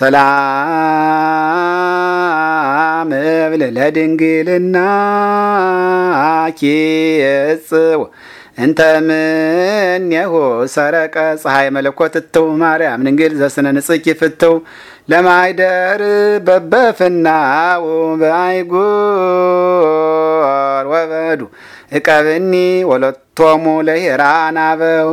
ሰላም እብል ለድንግልና ኪየጽው እንተምኔሁ ሰረቀ ፀሐይ መለኮት እትው ማርያም ድንግል ዘስነ ንጽኪ ፍትው ለማይደር በበፍናው በአይጉር ወበዱ እቀብኒ ወለቶሙ ለሂራን አበው